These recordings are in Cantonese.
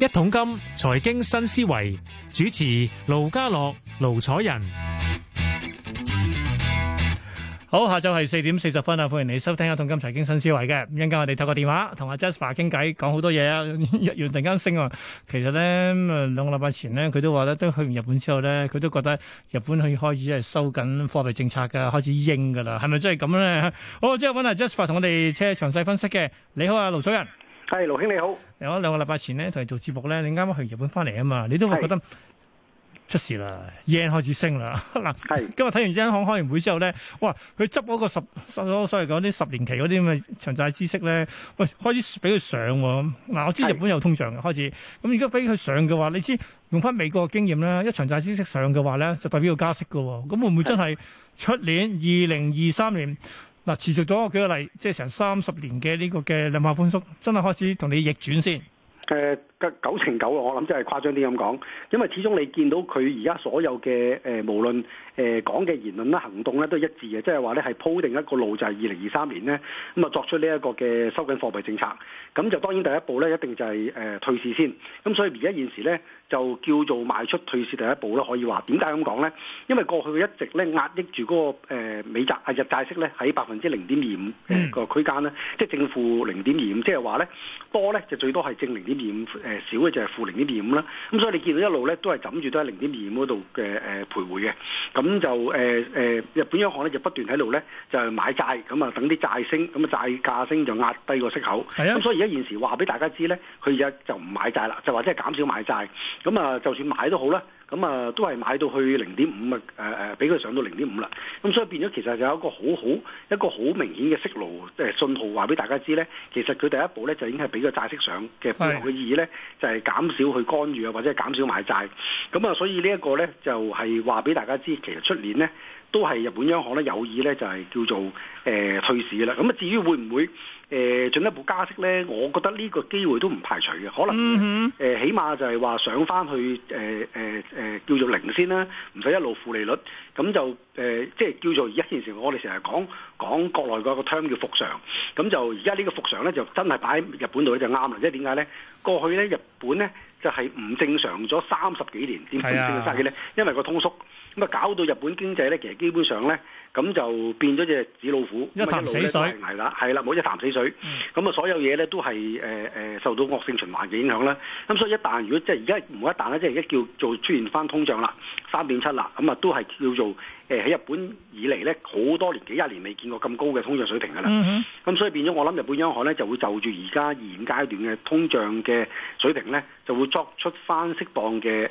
一桶金財經新思維主持盧家樂、盧楚仁好，下晝係四點四十分啊！歡迎你收聽一《一桶金財經新思維》嘅。一陣間我哋透過電話同阿 Jasper 傾偈，講好多嘢啊！日 元突然間升其實咧，兩個禮拜前咧，佢都話咧，都去完日本之後咧，佢都覺得日本可以開始係收緊貨幣政策噶，開始鷹噶啦，係咪真係咁咧？好，即係揾阿 Jasper 同我哋車詳細分析嘅。你好啊，盧楚仁。係，盧兄你好。有兩個禮拜前咧，同你做節目咧。你啱啱去日本翻嚟啊嘛，你都覺得出事啦，yen 開始升啦。嗱， 今日睇完央行開完會之後咧，哇，佢執嗰個十所所謂啲十年期嗰啲咁嘅長債孳息咧，喂，開始俾佢上喎，啊。嗱，啊，我知道日本又通脹嘅開始，咁而家俾佢上嘅話，你知用翻美國嘅經驗啦，一長債孳息上嘅話咧，就代表要加息嘅喎。咁會唔會真係出年二零二三年？嗱，持續咗幾個例，即係成三十年嘅呢個嘅量化寬鬆，真係開始同你逆轉先。呃九成九，我諗真係誇張啲咁講，因為始終你見到佢而家所有嘅誒，無論誒講嘅言論啦、行動咧，都一致嘅，即係話咧係鋪定一個路，就係二零二三年咧，咁啊作出呢一個嘅收緊貨幣政策。咁就當然第一步咧，一定就係誒退市先。咁所以而家現時咧，就叫做邁出退市第一步啦，可以話。點解咁講咧？因為過去一直咧壓抑住嗰個美債、呃、日債息咧喺百分之零點二五個區間啦，即係正負零點二五，即係話咧多咧就最多係正零點二五。誒 少嘅就係負零點二五啦，咁所以你見到一路咧都係枕住都喺零點二五嗰度嘅誒徘徊嘅，咁就誒誒、呃、日本央行咧就不斷喺度咧就係買債，咁啊等啲債升，咁啊債價升就壓低個息口，咁所以而家現時話俾大家知咧，佢而家就唔買債啦，就或者係減少買債，咁啊就算買都好啦。咁啊，都係買到去零點五啊！誒誒，俾佢上到零點五啦。咁所以變咗其實就有一個好好一個好明顯嘅息率，即係信號話俾、呃、大家知咧，其實佢第一步咧就已經係俾個債息上嘅背後嘅意義咧，就係、是、減少去干預啊，或者係減少買債。咁啊，所以呢一個咧就係話俾大家知，其實出年咧，都係日本央行咧有意咧就係、是、叫做、呃、退市啦。咁啊至於會唔會誒、呃、進一步加息咧？我覺得呢個機會都唔排除嘅。可能、嗯呃、起碼就係話上翻去、呃呃、叫做零先啦，唔使一路負利率。咁就、呃、即係叫做而一件事，我哋成日講講國內嗰個 term 叫復常。咁就而家呢個復常咧就真係擺喺日本度咧就啱啦。即係點解咧？過去咧日本咧就係唔正常咗三十幾年點變成嘅咧？因為，就是啊、因為個通縮。咁啊，搞到日本經濟咧，其實基本上咧。咁就變咗隻紙老虎，一潭死水係啦，係啦，冇一潭死水。咁啊、就是嗯，所有嘢咧都係、呃、受到惡性循環嘅影響啦。咁所以一旦如果即係而家唔好一旦咧，即係而家叫做出現翻通脹啦，三點七啦，咁啊都係叫做喺、呃、日本以嚟咧好多年幾廿年未見過咁高嘅通脹水平噶啦。咁、嗯、所以變咗我諗日本央行咧就會就住而家現階段嘅通脹嘅水平咧就會作出翻適當嘅誒誒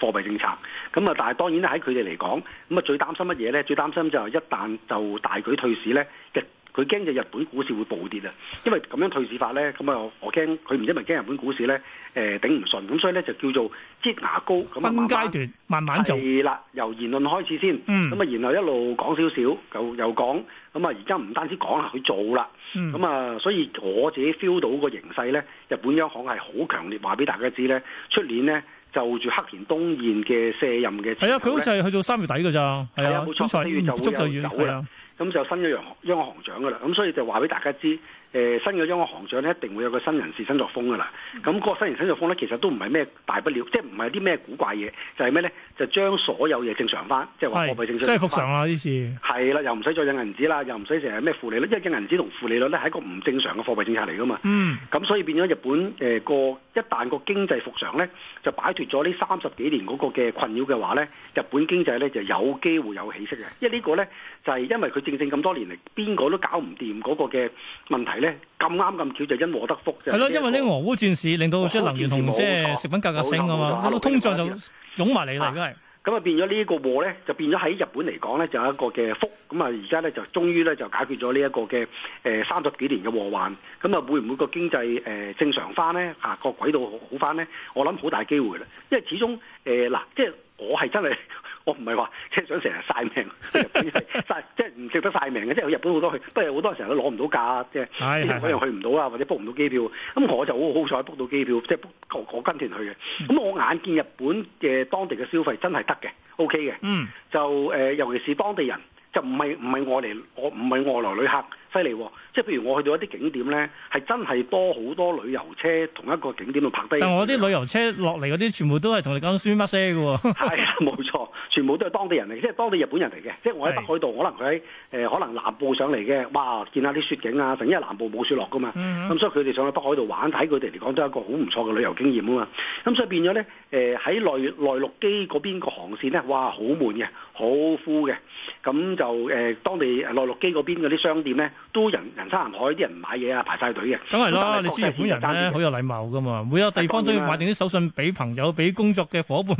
貨幣政策。咁啊，但係當然咧喺佢哋嚟講，咁啊最擔心乜嘢咧？最擔心、就係就一旦就大舉退市咧，日佢驚嘅日本股市會暴跌啊！因為咁樣退市法咧，咁啊我驚佢唔單單驚日本股市咧，誒、呃、頂唔順，咁所以咧就叫做擠牙膏咁啊，分階段慢慢做。係啦，由言論開始先，咁、嗯、啊，然後一路講少少，又又講，咁啊，而家唔單止講下佢做啦，咁、嗯、啊，所以我自己 feel 到個形勢咧，日本央行係好強烈話俾大家知咧，出年咧。就住黑田東彥嘅卸任嘅，係啊，佢好似係去到三月底噶咋，係啊，冇錯，四月就會有走啦，咁就新一樣一個央行行長噶啦，咁所以就話俾大家知。誒新嘅央行長咧，一定會有個新人事、新作風㗎啦。咁、那個新人新作風咧，其實都唔係咩大不了，即係唔係啲咩古怪嘢，就係咩咧？就將所有嘢正常翻，即係話貨幣政策即係、就是、復常啦！呢次係啦，又唔使再印銀紙啦，又唔使成日咩負利率，因為印銀紙同負利率咧係一個唔正常嘅貨幣政策嚟㗎嘛。咁、嗯、所以變咗日本誒個一旦個經濟復常咧，就擺脫咗呢三十幾年嗰個嘅困擾嘅話咧，日本經濟咧就有機會有起色嘅。因為呢個咧就係因為佢正正咁多年嚟，邊個都搞唔掂嗰個嘅問題。咁啱咁巧就因禍得福，係咯、呢個，因為呢俄烏戰事令到即係能源同即係食品價格升啊、呃、嘛，咁、呃、通脹就湧埋嚟啦，咁啊，啊就變咗呢一個禍咧，就變咗喺日本嚟講咧，就有一個嘅福。咁啊而家咧就終於咧就解決咗呢一個嘅誒、呃、三十幾年嘅禍患。咁啊會唔會個經濟、呃、正常翻咧？啊個軌道好翻咧？我諗好大機會啦，因為始終嗱、呃，即係我係真係。 我唔係話即係想成日晒命，曬即係唔值得晒命嘅，即係日本好多去，不過好多成日都攞唔到假，即係我又去唔到啊，或者 book 唔到機票。咁我就好好彩 book 到機票，即係 book 我跟團去嘅。咁我眼見日本嘅當地嘅消費真係得嘅，OK 嘅。嗯，就誒、呃，尤其是當地人就唔係唔係外嚟，我唔係外來旅客。犀利喎，即係譬如我去到一啲景點咧，係真係多好多旅遊車同一個景點度拍低。但我啲旅遊車落嚟嗰啲，全部都係同你講到黐孖聲㗎喎。係 啊，冇錯，全部都係當地人嚟嘅，即係當地日本人嚟嘅。即係我喺北海道，可能佢喺誒可能南部上嚟嘅，哇，見下啲雪景啊，因為南部冇雪落㗎嘛。咁、嗯嗯、所以佢哋上去北海道玩，睇佢哋嚟講都係一個好唔錯嘅旅遊經驗啊嘛。咁所以變咗咧，誒、呃、喺內內陸機嗰邊個航線咧，哇，好悶嘅，好枯嘅，咁就誒、呃、當地內陸機嗰邊嗰啲商店咧。都人人山人海，啲人唔買嘢啊，排晒隊嘅。梗係啦，你知日本人好有禮貌噶嘛，每個地方都要買定啲手信俾朋友、俾工作嘅伙伴、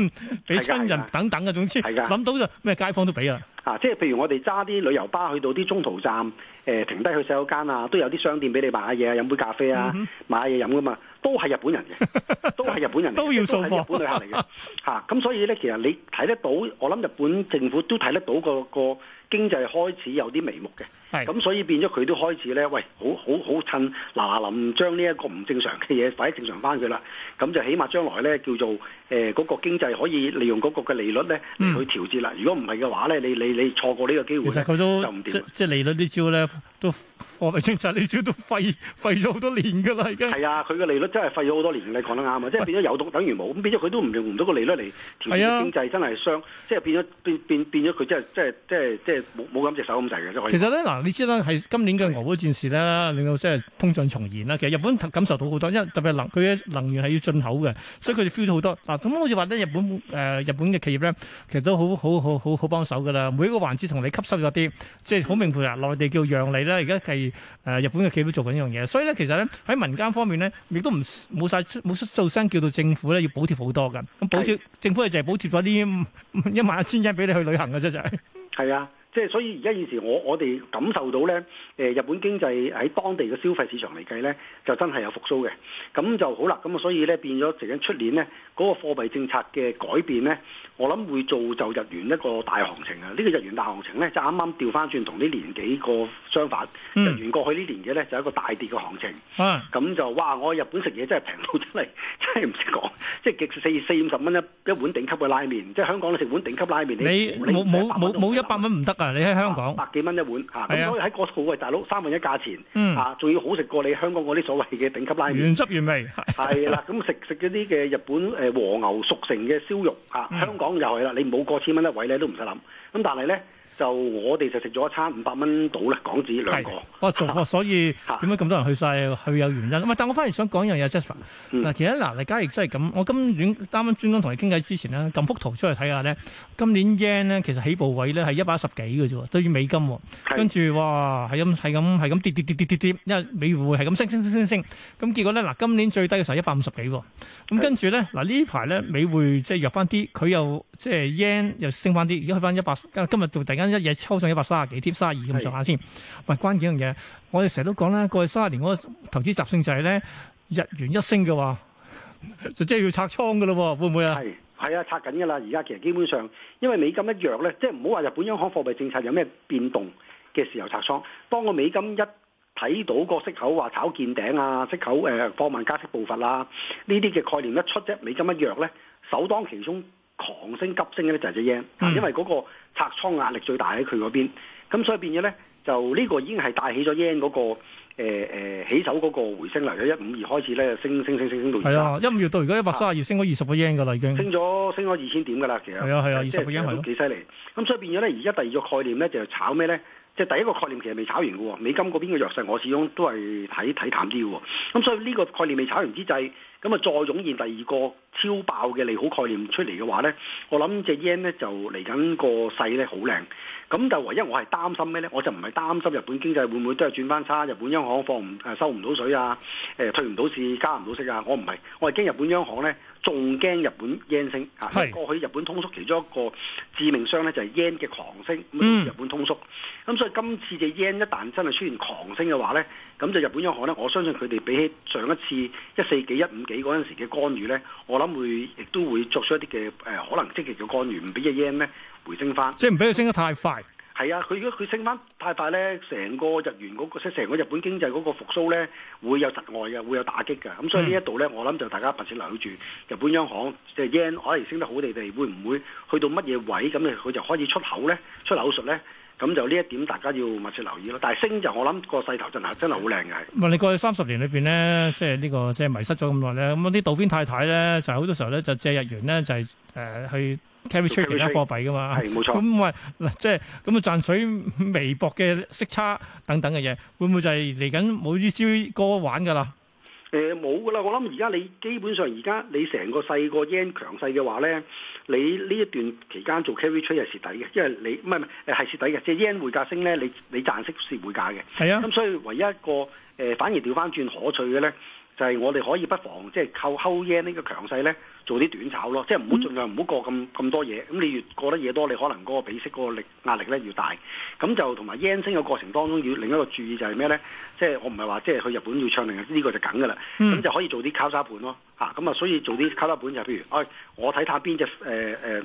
俾親人等等嘅，總之諗到就咩街坊都俾啊。啊，即係譬如我哋揸啲旅遊巴去到啲中途站，誒、呃、停低去洗手間啊，都有啲商店俾你買下嘢啊，飲杯咖啡啊，嗯、買嘢飲噶嘛，都係日本人嘅， 都係日本人，都要送貨。日本旅客嚟嘅，嚇 咁、啊、所以咧，其實你睇得到，我諗日本政府都睇得到、嗰個、嗰個經濟開始有啲眉目嘅。咁、嗯、所以變咗佢都開始咧，喂，好好好趁嗱嗱臨將呢一個唔正常嘅嘢擺正常翻佢啦。咁就起碼將來咧叫做誒嗰、呃嗰個經濟可以利用嗰個嘅利率咧嚟去調節啦、嗯。如果唔係嘅話咧，你你你錯過呢個機會，其實佢都就就即即利率招呢招咧都我哋稱曬呢招都廢廢咗好多年噶啦，已經係啊，佢嘅利率真係廢咗好多年，你講得啱啊，即係變咗有毒等於冇咁變咗佢都唔用唔到個利率嚟調節、啊、經濟，真係傷，即係變咗變變變咗佢真係即係真係真係冇冇咁隻手咁滯嘅。其實咧嗱。你知啦，係今年嘅俄烏戰事啦。令到即係通脹重燃啦。其實日本感受到好多，因為特別能佢嘅能源係要進口嘅，所以佢哋 feel 到好多。啊，咁好似話咧，日本誒、呃、日本嘅企業咧，其實都好好好好好幫手噶啦。每一個環節同你吸收咗啲，即係好明符呀。內地叫讓利啦，而家係誒日本嘅企業都做緊呢樣嘢。所以咧，其實咧喺民間方面咧，亦都唔冇晒。冇做聲，叫到政府咧要補貼好多噶。咁補貼政府咧就係補貼咗啲一,一萬一千蚊俾你去旅行嘅啫，就係。係啊。即係所以而家現時我我哋感受到咧，誒日本經濟喺當地嘅消費市場嚟計咧，就真係有復甦嘅。咁就好啦，咁啊所以咧變咗，最近出年咧嗰個貨幣政策嘅改變咧，我諗會造就日元一個大行情啊！呢、這個日元大行情咧，就啱啱調翻轉同呢年幾個相反，日元過去這年呢年嘅咧就係一個大跌嘅行情。咁、嗯、就哇！我日本食嘢真係平到出嚟，真係唔識講，即係極四四五十蚊一一碗頂級嘅拉麵，即係香港你食碗頂級拉麵你冇冇冇冇一百蚊唔得你喺香港、啊、百幾蚊一碗嚇，咁、啊啊、所以喺國土嘅大佬三分一價錢嚇，仲、嗯啊、要好食過你香港嗰啲所謂嘅頂級拉麪，原汁原味係啦。咁、啊 啊、食食嗰啲嘅日本誒和牛熟成嘅燒肉嚇、啊嗯，香港又係啦，你冇過千蚊一位咧都唔使諗。咁但係咧。就我哋就食咗一餐五百蚊到啦，港紙兩個。哇，所以點解咁多人去晒？ 去有原因。唔係，但我反而想講一樣嘢 Jasper 嗱、嗯，其實嗱，大家亦真係咁。我今早啱啱專登同你傾偈之前呢，撳幅圖出嚟睇下呢。今年 yen 咧其實起步位呢係一百一十幾嘅啫，對於美金。跟住哇，係咁係咁係咁跌跌跌跌跌跌，因為美匯係咁升升升升升，咁結果呢，嗱，今年最低嘅時候一百五十幾喎。咁跟住呢，嗱，呢排呢，美匯即係弱翻啲，佢又即係 yen 又升翻啲，而家去翻一百，今日到突一嘢抽上一百三十幾，貼三十二咁上下先。喂，係關鍵一樣嘢，我哋成日都講啦，過去三十年嗰個投資集性就係咧，日元一升嘅話，就即係要拆倉嘅咯，會唔會啊？係係啊，拆緊嘅啦。而家其實基本上，因為美金一弱咧，即係唔好話日本央行貨幣政策有咩變動嘅時候拆倉。當個美金一睇到個息口話炒見頂啊，息口誒、呃、放慢加息步伐啦、啊，呢啲嘅概念一出啫，美金一弱咧，首當其衝。狂升急升咧就係隻 yen，因為嗰個拆倉壓力最大喺佢嗰邊，咁所以變咗咧就呢個已經係帶起咗 yen 嗰個、呃、起手嗰個回升啦。由一五二開始咧升升升升升到而家，一五二到而家一百卅二升咗二十個 yen 噶啦已經升，升咗升咗二千點噶啦其實。係啊，係啊，二十、啊、個 yen 係幾犀利。咁、就是啊啊啊、所以變咗咧，而家第二個概念咧就係炒咩咧？即係第一個概念其實未炒完嘅喎，美金嗰邊嘅弱勢我始終都係睇睇淡啲喎，咁所以呢個概念未炒完之際，咁啊再湧現第二個超爆嘅利好概念出嚟嘅話咧呢，我諗隻 yen 咧就嚟緊個勢呢好靚，咁但係唯一我係擔心咩呢？我就唔係擔心日本經濟會唔會都係轉翻差，日本央行放唔收唔到水啊，誒退唔到市加唔到息啊，我唔係，我係驚日本央行呢。仲驚日本 yen 升、啊、過去日本通縮其中一個致命傷咧，就係 yen 嘅狂升。日本通縮，咁、嗯、所以今次嘅 yen 一旦真係出現狂升嘅話咧，咁就日本央行咧，我相信佢哋比起上一次一四幾一五幾嗰陣時嘅干預咧，我諗會亦都會作出一啲嘅誒可能積極嘅干預，唔俾隻 yen 咧回升翻，即係唔俾佢升得太快。係啊，佢如果佢升翻太快咧，成個日元即係成個日本經濟嗰個復甦咧，會有窒礙嘅，會有打擊嘅。咁、嗯、所以呢一度咧，我諗就大家密切留意住日本央行即係、就是、yen，可能升得好地地，會唔會去到乜嘢位？咁佢就開始出口咧，出口術咧，咁就呢一點大家要密切留意咯。但係升就我諗個勢頭真係真係好靚嘅。唔，你過去三十年裏面咧，即係呢個即係、就是、迷失咗咁耐咧，咁啲渡邊太太咧就好、是、多時候咧就借日元咧就係、是呃、去。carry trade 其他貨幣噶嘛。 係，冇錯。咁咪嗱，即係咁啊，賺取微薄嘅息差等等嘅嘢，會唔會就係嚟緊冇呢招哥玩噶啦？誒冇噶啦，我諗而家你基本上而家你成個細個 yen 強勢嘅話咧，你呢一段期間做 carry trade 係蝕底嘅，因為你唔係唔係誒係蝕底嘅，即、就、係、是、yen 匯價升咧，你你賺息蝕匯價嘅。係啊，咁、嗯、所以唯一一個誒、呃、反而調翻轉可取嘅咧，就係、是、我哋可以不妨即係靠 hold yen 呢個強勢咧，做啲短炒咯，即係唔好盡量唔好過咁咁多嘢。咁你越過得嘢多，你可能嗰個比息嗰個力壓力咧要大。咁就同埋 yen 升嘅過程當中，要另一個注意就係咩咧？即係我唔係話即係去日本要唱令呢、這個就梗噶啦。咁就可以做啲交叉盤咯。咁啊，所以做啲交叉盤就譬如，哎、我睇下邊隻誒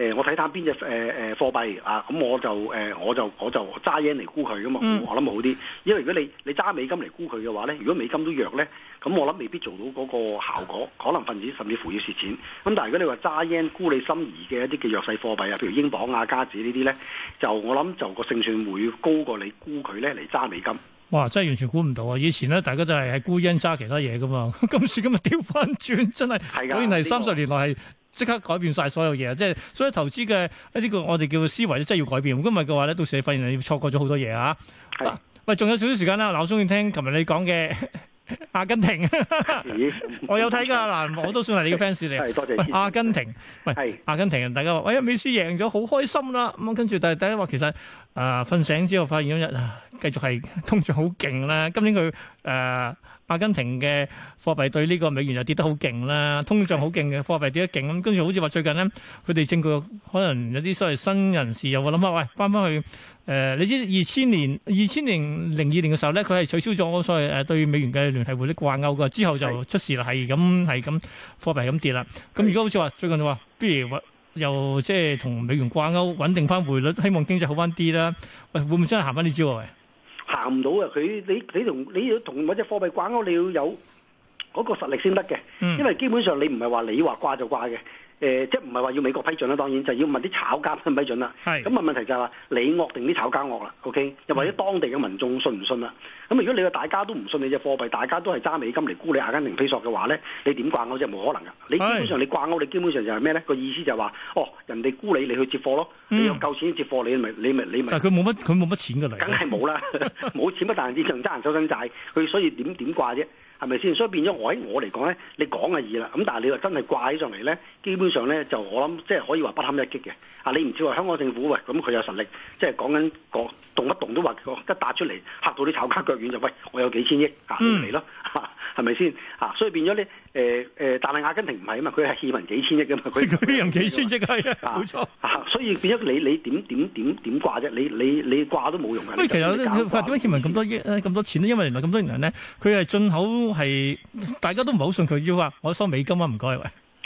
誒、呃，我睇睇邊隻誒誒貨幣啊，咁我就誒、呃、我就我就揸 yen 嚟沽佢噶嘛，我諗好啲。因為如果你你揸美金嚟沽佢嘅話咧，如果美金都弱咧，咁我諗未必做到嗰個效果，可能甚至甚至乎要蝕錢。咁但係如果你話揸 yen 沽你心儀嘅一啲嘅弱勢貨幣啊，譬如英鎊啊、加紙呢啲咧，就我諗就個勝算會高過你沽佢咧嚟揸美金。哇！真係完全估唔到啊！以前咧，大家就係係沽 yen 揸其他嘢噶嘛，今時今日調翻轉，真係果然係三十年來係。這個即刻改變晒所有嘢即係所有投資嘅呢、呢個我哋叫思維咧，真係要改變。如果唔係嘅話咧，到時你發現你錯過咗好多嘢啊！係。喂、啊，仲有少少時間啦。嗱，我中意聽琴日你講嘅 阿根廷。 我有睇㗎嗱， 我都算係你嘅 fans 嚟多謝阿根廷，喂， 阿根廷，人 根廷 大家話，喂、哎，美斯贏咗，好開心啦！咁跟住大家話其實啊，瞓、呃、醒之後發現今日啊，繼續係通脹好勁啦。」今年佢誒。呃阿根廷嘅貨幣對呢個美元又跌得好勁啦，通脹好勁嘅貨幣跌得勁，咁跟住好似話最近咧，佢哋政局可能有啲所謂新人士又會諗啊，喂，翻返去誒、呃，你知二千年、二千年零二年嘅時候咧，佢係取消咗所謂誒對美元嘅聯繫匯率掛勾嘅，之後就出事啦，係咁係咁貨幣咁跌啦，咁如果好似話最近的話，不如又即係同美元掛勾，穩定翻匯率，希望經濟好翻啲啦，喂，會唔會真係行翻呢招啊？行唔到啊！佢你你同你要同某隻貨幣掛鈎，你要有嗰個實力先得嘅，因為基本上你唔係話你話掛就掛嘅。 誒、呃，即係唔係話要美國批准啦？當然就要問啲炒家批准啦。係咁啊，問題就係、是、話你惡定啲炒家惡啦？OK，又或者當地嘅民眾信唔信啦？咁、嗯、如果你個大家都唔信你隻貨幣，大家都係揸美金嚟沽你阿根廷披索嘅話咧，你點掛鈎啫？冇可能噶。你基本上你掛鈎，你基本上就係咩咧？個意思就係話，哦，人哋沽你，你去接貨咯。嗯、你有夠錢接貨，你咪你咪你咪。但係佢冇乜佢冇乜錢㗎啦。梗係冇啦，冇 錢，但係只係揸人手緊債。佢所以點點掛啫？係咪先？所以變咗我喺我嚟講咧，你講嘅嘢啦。咁但係你話真係掛起上嚟咧，基本上咧就我諗即係可以話不堪一擊嘅。啊，你唔知話香港政府喂咁，佢有實力，即係講緊講動一動都話個一打出嚟嚇到啲炒家腳軟就喂，我有幾千億嚇嚟咯。係咪先啊？所以變咗咧，誒、呃、誒、呃，但係阿根廷唔係啊嘛，佢係欠人幾千億嘅嘛，佢佢欠人幾千億啊，冇錯，所以變咗你你點點點點掛啫？你你你掛都冇用啊！所以你你你你你其實咧，點解欠人咁多億咁多錢呢？因為原來咁多年嚟咧，佢係進口係大家都唔好信佢要啊，我收美金啊，唔該。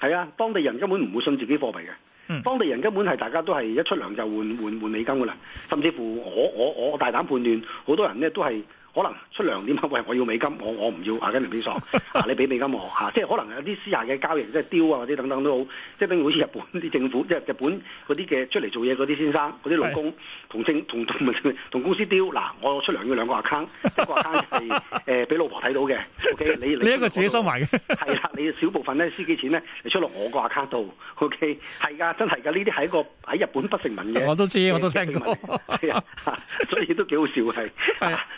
係啊，當地人根本唔會信自己貨幣嘅，嗯，當地人根本係大家都係一出糧就換換換美金嘅啦，甚至乎我我我，我大膽判斷，好多人咧都係。可能出糧點解？喂、哎，我要美金，我我唔要阿根廷比索啊！你俾、 啊、美金我嚇、啊，即係可能有啲私下嘅交易，即係丟啊或者等等都好，即係等如好似日本啲政府，即係日本嗰啲嘅出嚟做嘢嗰啲先生嗰啲老公同同同公司丟嗱、啊，我出糧要兩個 account， 一個 account 係誒俾老婆睇到嘅，O K，你你，你一個自己收埋嘅係啦，你少部分咧私己錢咧你出落我個 account 度，O K，係㗎，真係㗎，呢啲係一個喺日本不成文嘅，我都知，我都聽過， 啊，所以都幾好笑係，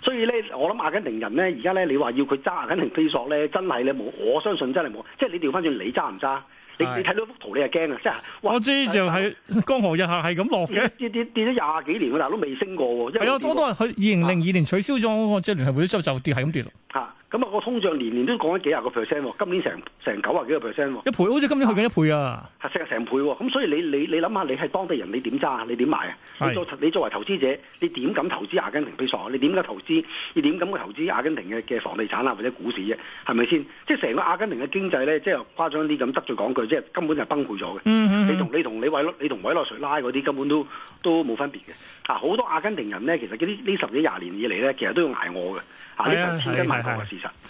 所以咧。我諗阿根廷人咧，而家咧你話要佢揸阿根廷飛索咧，真係咧冇，我相信真係冇。即係你調翻轉你揸唔揸？你你你睇到幅圖你就驚啊！即係我知就係江河日下係咁落嘅。跌跌跌咗廿幾年啦，都未升過喎。係啊，好多人去，二零零二年取消咗嗰個即係聯繫會之後就跌係咁跌咯。嚇、啊！咁啊，個通脹年年都講緊幾廿個 percent，、哦、今年成成九啊幾個 percent，、哦、一倍好似今年去緊一倍啊，成成倍喎、哦。咁所以你你你諗下，你係當地人，你點揸你點買啊？你作你作為投資者，你點敢投資阿根廷？譬如你點解投資？你點敢去投資阿根廷嘅嘅房地產啊，或者股市啫？係咪先？即係成個阿根廷嘅經濟咧，即係誇張啲咁得罪講句，即係根本就係崩潰咗嘅、嗯嗯嗯。你同你同你你同委羅垂拉委內瑞拉嗰啲根本都都冇分別嘅。啊，好多阿根廷人咧，其實呢呢十幾廿年以嚟咧，其實都要挨餓嘅。啊，呢個千真萬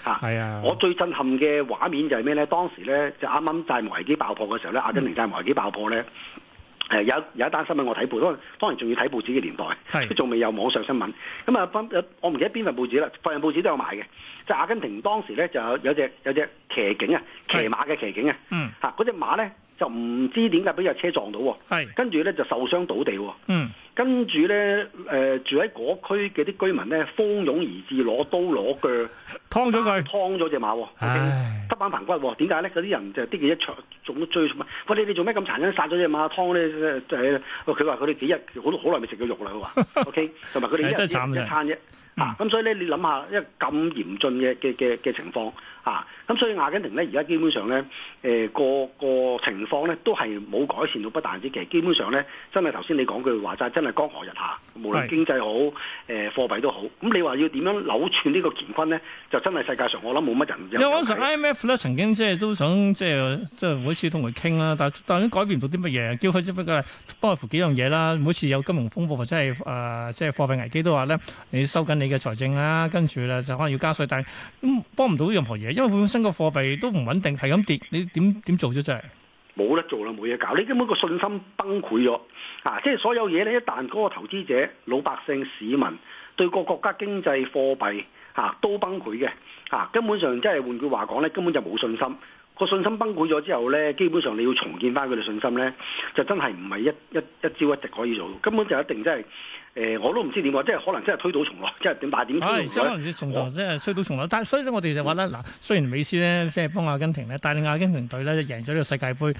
吓、啊，係、哎、啊！我最震撼嘅畫面就係咩咧？當時咧就啱啱債務危機爆破嘅時候咧，阿根廷債務危機爆破咧，誒、呃、有有一單新聞我睇報，當當然仲要睇報紙嘅年代，都仲未有網上新聞。咁啊，我唔記得邊份報紙啦，份份報紙都有買嘅。就阿根廷當時咧就有有隻有隻騎警啊，騎馬嘅騎警啊，嚇嗰隻馬咧。就唔知點解俾架車撞到，跟住咧就受傷倒地。嗯，跟呢、呃、住咧，誒住喺嗰區嘅啲居民咧，蜂擁而至攞刀攞鋸劏咗佢，劏咗隻馬，得翻棚骨。點解咧？嗰啲人就啲嘢一桌，仲都追喂，我哋你做咩咁殘忍？殺咗隻馬劏咧，誒佢話佢哋幾日好好耐未食過肉啦。佢 話，OK，同埋佢哋一日一餐啫。嚇、嗯、咁、啊、所以咧，你諗下，一咁嚴峻嘅嘅嘅嘅情況嚇。啊。咁、嗯、所以阿根廷咧，而家基本上咧，誒、呃、個個情況咧都係冇改善到，不但止，其實基本上咧，真係頭先你講句話齋，真係江河日下，無論經濟好，誒、呃、貨幣都好。咁、嗯、你話要點樣扭轉呢個乾坤咧？就真係世界上我諗冇乜人。因我其實 IMF 咧曾經即係都想即係即係每次同佢傾啦，但但改變唔到啲乜嘢。叫佢只不過係幫佢扶幾樣嘢啦。每次有金融風暴或者係即係、呃、貨幣危機都話咧，你收緊你嘅財政啦，跟住咧就可能要加稅，但係、嗯、幫唔到任何嘢，因為個貨幣都唔穩定，係咁跌，你點點做啫？真係冇得做啦，冇嘢搞的。你根本個信心崩潰咗啊！即係所有嘢咧，一旦嗰個投資者、老百姓、市民對個國家經濟貨幣啊都崩潰嘅啊，根本上即係換句話講咧，根本就冇信心。個信心崩潰咗之後咧，基本上你要重建翻佢哋信心咧，就真係唔係一一一朝一夕可以做到，根本就一定真係。誒、呃，我都唔知點話，即係可能真係推倒重來，即係點解點重可能要重來，即係推倒重來、哎。但係所以咧，我哋就話咧，嗱，雖然美斯呢，即係幫阿根廷呢，帶領阿根廷隊呢，贏咗呢個世界盃，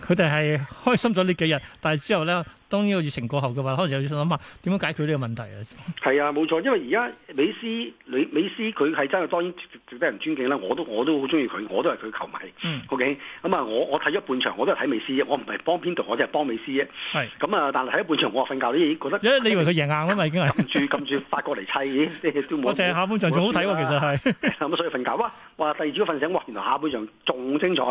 佢哋係開心咗呢幾日。但係之後呢，當呢個疫情過後嘅話，可能又要想諗下點樣解決呢個問題啊？係啊，冇錯，因為而家美斯，美斯佢係真係當然值得人尊敬啦。我都我都好中意佢，我都係佢球迷。O、嗯、K。咁、okay? 啊、嗯，我我睇一半場，我都係睇美斯嘅，我唔係幫邊隊，我係幫美斯嘅。咁啊，但係睇一半場，我瞓覺你已覺得。因為你佢贏硬啦嘛，已經係住撳住發過嚟砌，都冇。 我哋下半場仲好睇喎、啊啊，其實係咁、 嗯，所以瞓覺哇，哇第二朝瞓醒哇，原來下半場仲精彩，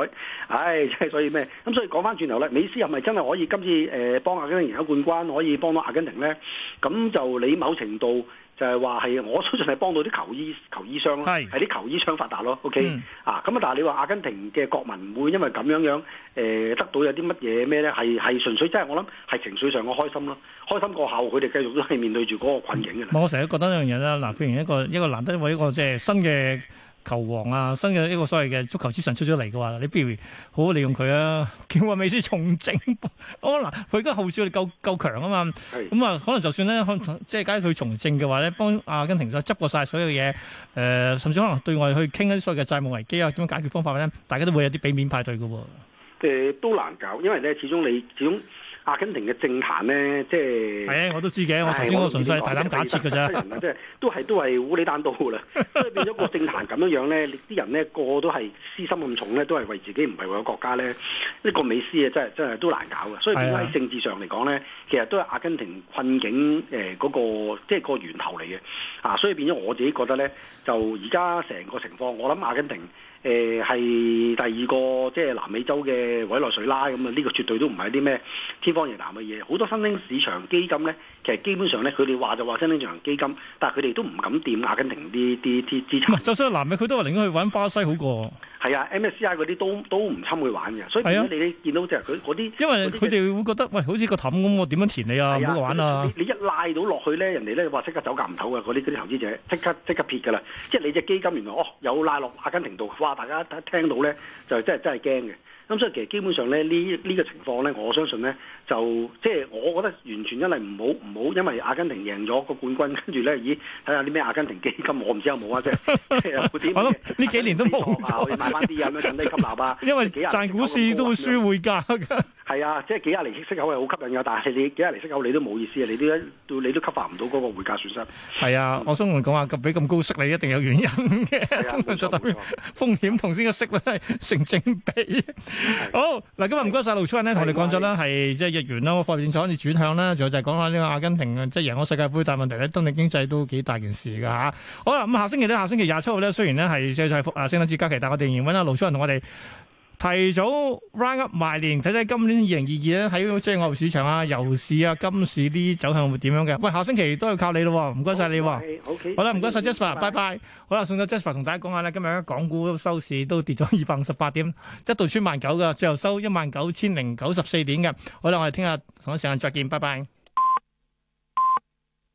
唉、哎，即係所以咩？咁所以講翻轉頭咧，美斯係咪真係可以今次誒、呃、幫阿根廷贏咗冠軍，可以幫到阿根廷咧？咁就你某程度。就係話係，我相信係幫到啲求醫求醫商咯，係啲求醫商發達咯，OK 啊、嗯、咁啊！但係你話阿根廷嘅國民會因為咁樣樣誒、呃、得到有啲乜嘢咩咧？係係純粹即係我諗係情緒上嘅開心咯，開心過後佢哋繼續都係面對住嗰個困境嘅。我成日都覺得一樣嘢啦，嗱，譬如一個一個難得為一個即係新嘅。球王啊，新嘅呢個所謂嘅足球之神出咗嚟嘅話，你不如好好利用佢啊！叫話美斯重整，可能佢而家號召力夠夠強啊嘛。咁啊、嗯，可能就算咧，即係解佢重整嘅話咧，幫阿根廷再執過晒所有嘢，誒、呃，甚至可能對外去傾一啲所謂嘅債務危機啊，點樣解決方法咧，大家都會有啲畀面派對嘅喎、呃。都難搞，因為咧，始終你始終。阿根廷嘅政壇咧，即係係我都知嘅。我頭先我剛才那個純粹大膽假設嘅啫，哎、的是都係都係烏里丹都啦。 所以變咗個政壇咁樣樣咧，啲人咧個個都係私心咁重咧，都係為自己，唔係為個國家咧。呢、這個美斯啊，真係真係都難搞嘅。所以點解政治上嚟講咧，其實都係阿根廷困境誒、那、嗰個即係、就是、個源頭嚟嘅啊。所以變咗我自己覺得咧，就而家成個情況，我諗阿根廷。誒、呃、係第二個即係南美洲嘅委內瑞拉咁啊！呢、嗯這個絕對都唔係啲咩天方夜譚嘅嘢。好多新興市場基金咧，其實基本上咧，佢哋話就話新興市場基金，但係佢哋都唔敢掂阿根廷啲啲資產。就算南美，佢都係寧願去玩巴西好過。係啊，MSCI 嗰啲都都唔侵佢玩嘅、啊。所以你你見到隻佢嗰啲，因為佢哋會覺得喂，好似個氹咁，我點樣填你啊？點、啊、玩啊？你一拉到落去咧，人哋咧話即刻走夾唔唞嘅。嗰啲啲投資者即刻即刻撇㗎啦。即係你隻基金原來哦有拉落阿根廷度。啊，大家一聽到咧，就真係真係驚嘅。咁、嗯、所以其實基本上咧，呢呢、這個情況咧，我相信咧，就即係、就是、我覺得完全因為唔好唔好，因為阿根廷贏咗個冠軍，跟住咧，咦？睇下啲咩阿根廷基金，我唔知有冇啊？即係呢幾年都冇啊，我要買返啲咁咩降低吸納啊？因為賺股市都會輸匯價嘅。係啊，即、就、係、是、幾廿釐息口係好吸引嘅，但係你幾廿釐息口你都冇意思啊！你都你都吸發唔到嗰個匯價損失。係 啊，我想講咁俾咁高息你一定有原因嘅，啊、就代表風險同呢個息率係成正比的。好嗱， oh, 今謝謝，就是，日唔該晒盧楚仁咧，同我哋講咗啦，係即係日元啦個貨幣政策開始轉向啦，仲有就係講下呢個阿根廷啊，即係贏咗世界杯，大係問題咧當地經濟都幾大件事噶吓。好啦，咁下星期咧，下星期廿七號咧，雖然咧係界係啊聖誕節假期，但我哋仍然搵阿盧楚仁同我哋。提早 round up 埋年，睇睇今年二零二二咧喺即係外匯市場啊、油市啊、金市啲走向會點樣嘅？喂，下星期都要靠你咯，唔該晒你喎。Okay, okay. 好啦，唔該晒 Jasper，拜拜，拜拜。好啦，送咗 Jasper 同大家講下咧，今日港股收市都跌咗二百五十八點，一度穿萬九㗎。最後收一萬九千零九十四點嘅。好啦，我哋聽日同一時間再見，拜拜。